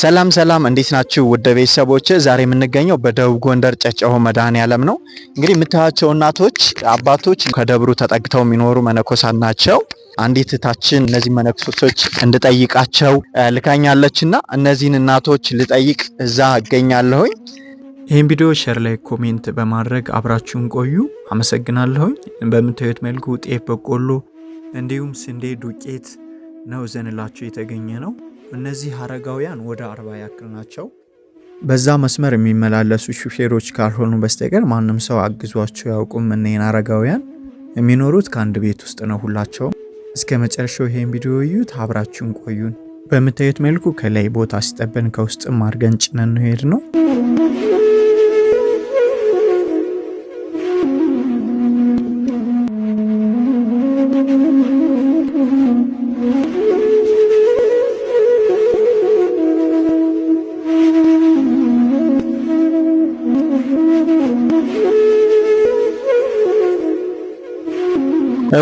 ሰላም ሰላም እንዴት ናችሁ? ውድ ቤተሰቦች ዛሬ የምንገኘው በደቡብ ጎንደር ጨጨሆ መድኃኔዓለም ነው። እንግዲህ የምታያቸው እናቶች አባቶች ከደብሩ ተጠግተው የሚኖሩ መነኮሳት ናቸው። አንዲት እህታችን እነዚህ መነኮሶች እንድጠይቃቸው ልካኛለችና እነዚህን እናቶች ልጠይቅ እዛ እገኛለሁኝ። ይህን ቪዲዮ ሼር ላይ ኮሜንት በማድረግ አብራችሁን ቆዩ። አመሰግናለሁኝ። በምታዩት መልኩ ጤፍ፣ በቆሎ እንዲሁም ስንዴ ዱቄት ነው ዘንላቸው የተገኘ ነው። እነዚህ አረጋውያን ወደ አርባ ያክል ናቸው። በዛ መስመር የሚመላለሱ ሹፌሮች ካልሆኑ በስተቀር ማንም ሰው አግዟቸው ያውቁም። እነን አረጋውያን የሚኖሩት ከአንድ ቤት ውስጥ ነው ሁላቸውም። እስከ መጨረሻው ይሄን ቪዲዮ እዩት፣ አብራችሁን ቆዩን። በምታዩት መልኩ ከላይ ቦታ ሲጠበን ከውስጥም አድርገን ጭነን ነው ሄድ ነው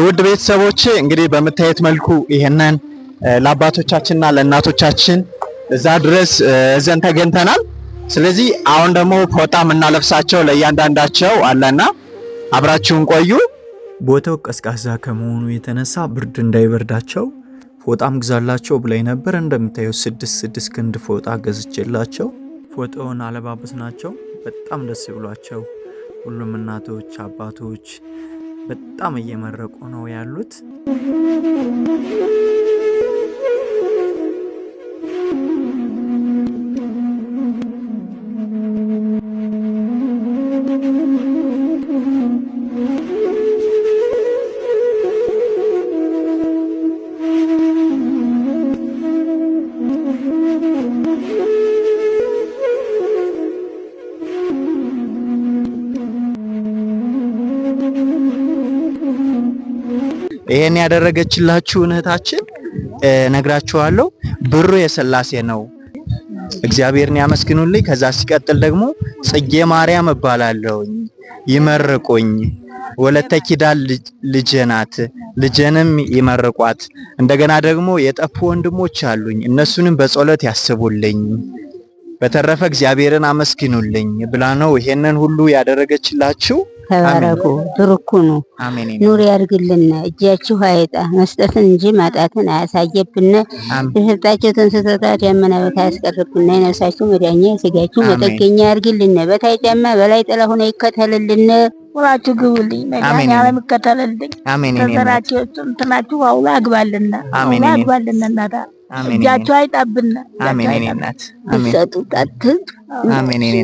ውድ ቤተሰቦቼ እንግዲህ በምታየት መልኩ ይህንን ለአባቶቻችንና ለእናቶቻችን እዛ ድረስ እዘን ተገኝተናል። ስለዚህ አሁን ደግሞ ፎጣ የምናለብሳቸው ለእያንዳንዳቸው አለና አብራችሁን ቆዩ። ቦታው ቀዝቃዛ ከመሆኑ የተነሳ ብርድ እንዳይበርዳቸው ፎጣም ግዛላቸው ብላይ ነበር። እንደምታየው ስድስት ስድስት ክንድ ፎጣ ገዝቼላቸው ፎጣውን አለባበስ ናቸው። በጣም ደስ ብሏቸው ሁሉም እናቶች አባቶች በጣም እየመረቁ ነው ያሉት። ይሄን ያደረገችላችሁን እህታችን ነግራችኋለሁ። ብሩ የስላሴ ነው። እግዚአብሔርን ያመስግኑልኝ። ከዛ ሲቀጥል ደግሞ ጽጌ ማርያም እባላለሁኝ። ይመርቁኝ ወለተ ኪዳን ልጄ ናት። ልጄንም ይመርቋት። እንደገና ደግሞ የጠፉ ወንድሞች አሉኝ። እነሱንም በጸሎት ያስቡልኝ። በተረፈ እግዚአብሔርን አመስግኑልኝ ብላ ነው ይሄንን ሁሉ ያደረገችላችሁ። ተባረኩ፣ ብርኩ ኑ፣ ኑር ያድርግልን። እጃችሁ አይጣ መስጠትን እንጂ ማጣትን አያሳየብን። የሰጣቸው ተንስቶታ ደመና በታይ ያስቀርብን። የነፍሳችሁ መዳኛ የስጋችሁ መጠገኛ ያድርግልን። በታይ ጫማ በላይ ጥላ ሆነ ይከተልልን። ሁላችሁ ግቡልኝ፣ መዳን ያለም ይከተልልኝ። ተዘራችሁ ትናችሁ አውላ አግባልና አውላ አግባልና እናታ እጃቸው አይጣብና አይጣብናት ሰጡ ቀትል አሜን የኔ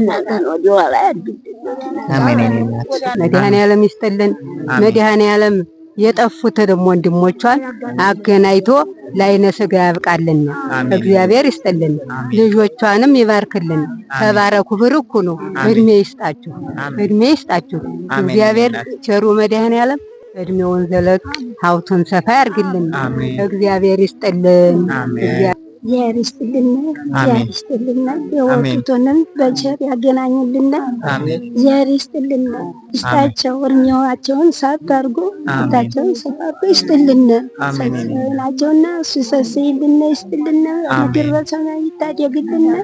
እናት ወደኋላ ያድግልን። መድኃኔዓለም ይስጥልን። መድኃኔዓለም የጠፉት ደግሞ ወንድሞቿን አገናኝቶ ለዓይነ ሥጋ ያብቃልን። እግዚአብሔር ይስጥልን፣ ልጆቿንም ይባርክልን። ተባረኩ፣ ብርኩ ነው። እድሜ ይስጣችሁ፣ እድሜ ይስጣችሁ። እግዚአብሔር ቸሩ መድኃኔዓለም እድሜውን ዘለቅ ሀብቱን ሰፋ ያርግልን። እግዚአብሔር ይስጥልን። ያርስትልና ያርስትልና የወጡትንም በቸር ያገናኝልና እስታቸው ሳብ አድርጎ ሳብ አድርጎ ይስጥልና ናቸውና ይስጥልና ምድር በሰማይ ይታደግልና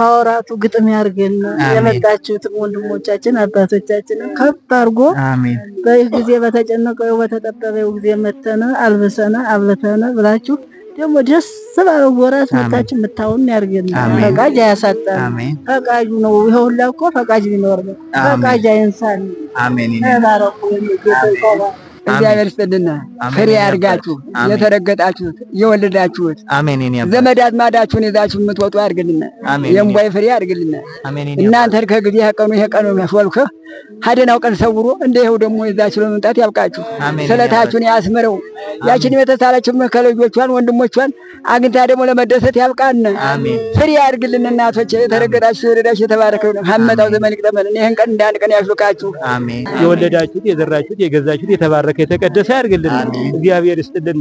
ሐዋራቱ ግጥም ያርገን። የመጣችሁትም ወንድሞቻችን አባቶቻችንም ከፍ አድርጎ በይህ ጊዜ በተጨነቀው በተጠበበው ጊዜ መተነ አልበስ ቀምሰነ አብለተነ ብላችሁ ደግሞ ደስ ባለው ወራት መታች የምታውን ያርገን። ፈቃጅ አያሳጣን። ፈቃጁ ነው። ይሄ ሁላ እኮ ፈቃጅ ቢኖር ነው። ፈቃጅ አይንሳል። አሜን። ተባረኩ። እግዚአብሔር ይስጥልና ፍሬ ያርጋችሁ። የተረገጣችሁት የወለዳችሁት ዘመድ አዝማዳችሁን ይዛችሁ የምትወጡ ያርግልና። የእምቧይ ፍሬ ያርግልና። እናንተ ከጊዜ ቀኑ ይሄ ቀኑ ያሾልከህ ሀደን አውቀን ሰውሮ እንደ ይኸው ደግሞ ይዛችሁ ለመምጣት ያብቃችሁ። ስለታችሁን ያስምረው። ያችን የተሳለችው መከለጆቿን ወንድሞቿን አግኝታ ደግሞ ለመደሰት ያብቃን። ፍሪ ያድርግልን። እናቶች የተረገጣችሁ የወደዳችሁ የተባረከ ነው። ሀመጣው ዘመን ይቅጠመን። ይህን ቀን እንዳንድ ቀን ያሽቃችሁ። የወለዳችሁት የዘራችሁት የገዛችሁት የተባረከ የተቀደሰ ያድርግልን። እግዚአብሔር ይስጥልን።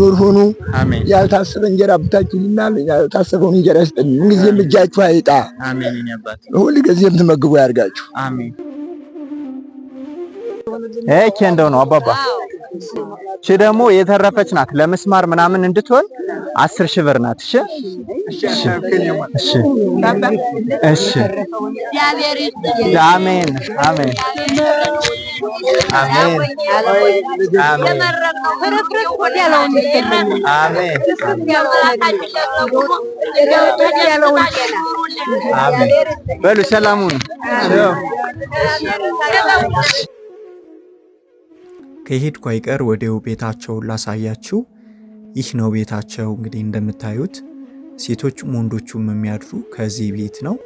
ዙር ሁኑ። ያልታሰበ እንጀራ ብታችሁልናል። ያልታሰበውን እንጀራ ይስጥልን። ሁልጊዜም እጃችሁ አይጣ። ሁልጊዜም ትመግቡ ያድርጋችሁ። እቺ ነው አባባ። እሺ ደግሞ የተረፈች ናት ለምስማር ምናምን እንድትሆን አስር ሺህ ብር ናት። እሺ እሺ እሺ። አሜን አሜን አሜን አሜን። በሉ ሰላሙን ከሄድኩ አይቀር ወዲያው ቤታቸውን ላሳያችሁ። ይህ ነው ቤታቸው። እንግዲህ እንደምታዩት ሴቶቹም ወንዶቹም የሚያድሩ ከዚህ ቤት ነው።